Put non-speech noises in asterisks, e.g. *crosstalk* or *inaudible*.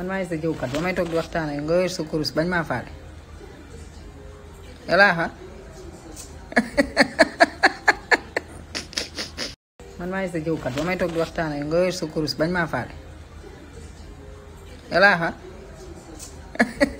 man maay sa jëwkat ba may toog waxtaan ak nga yor sa kurus bañ maa faale yàllaa fa *laughs* sa jëwkat may toog waxtaan ak nga yor sa kurus bañ maa faale yàllaa *laughs*